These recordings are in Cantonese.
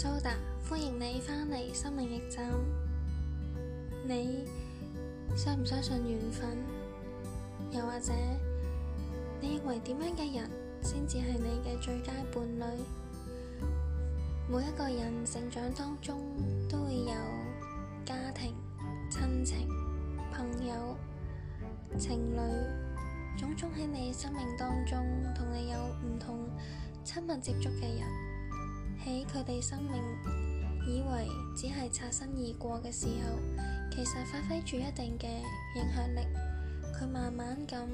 蘇達，Soda, 歡迎你返嚟心靈驛站。你相唔相信緣分？又或者，你認為點樣嘅人先至係你嘅最佳伴侶？每一個人成長當中都會有家庭、親情、朋友、情侶，種種喺你生命當中同你有唔同親密接觸嘅人。喺佢哋生命以為只係擦身而過嘅時候，其實發揮住一定嘅影響力。佢慢慢咁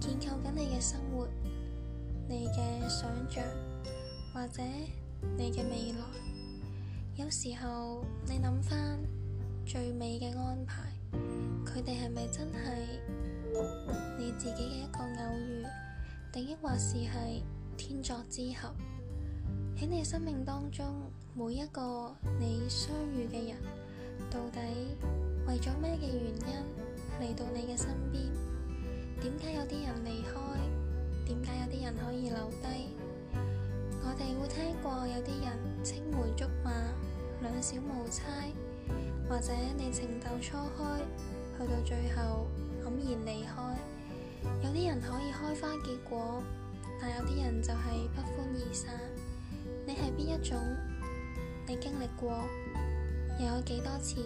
建構緊你嘅生活、你嘅想象或者你嘅未來。有時候你諗翻最美嘅安排，佢哋係咪真係你自己嘅一個偶遇，定抑或是係天作之合？喺你生命當中，每一個你相遇嘅人，到底為咗咩嘅原因嚟到你嘅身邊？點解有啲人離開？點解有啲人可以留低？我哋會聽過有啲人青梅竹馬，兩小無猜，或者你情竇初開，去到最後黯然離開。有啲人可以開花結果，但有啲人就係不歡而散。你係邊一種？你經歷過又有幾多次？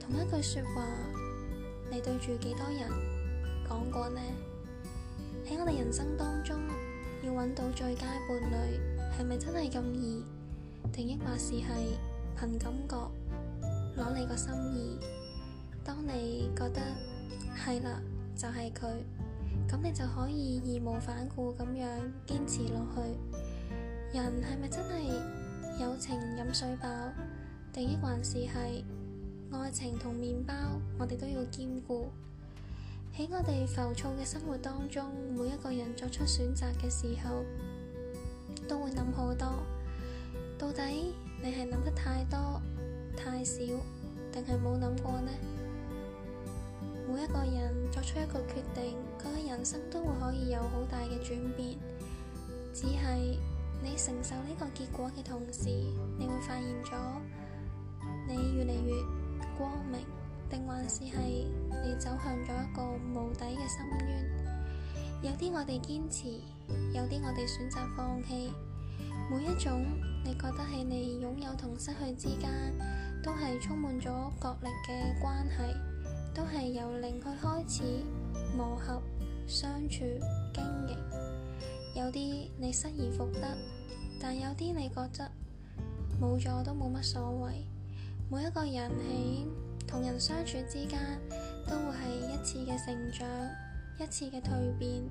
同一句說話，你對住幾多人講過呢？喺我哋人生當中，要揾到最佳伴侶，係咪真係咁易？定抑或是係憑感覺攞你個心意？當你覺得係啦，就係佢，咁你就可以義無反顧咁樣堅持落去。人係咪真係友情飲水飽，定抑還是係愛情同麵包？我哋都要兼顧。喺我哋浮躁嘅生活當中，每一個人作出選擇嘅時候都會諗好多。到底你係諗得太多、太少，定係冇諗過呢？每一個人作出一個決定，佢嘅人生都會可以有好大嘅轉變，只係～你承受呢個結果嘅同時，你會發現咗你越嚟越光明，定還是係你走向咗一個無底嘅深淵？有啲我哋堅持，有啲我哋選擇放棄，每一種你覺得係你擁有同失去之間，都係充滿咗角力嘅關係，都係由零去開始磨合、相處、經營。有啲你失而復得，但有啲你覺得冇咗都冇乜所謂。每一個人喺同人相處之間，都會係一次嘅成長，一次嘅蛻變。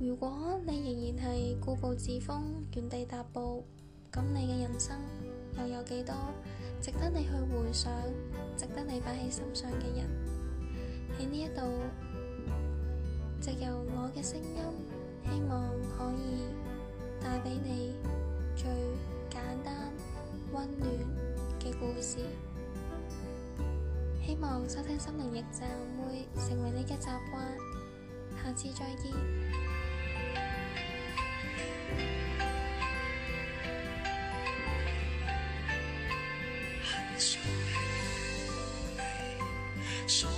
如果你仍然係固步自封、原地踏步，咁你嘅人生又有幾多值得你去回想、值得你擺喺心上嘅人？喺呢一度，藉由我嘅聲音。希望可以帶畀你最簡單溫暖嘅故事。希望收聽心靈驛站會成為你嘅習慣。下次再見。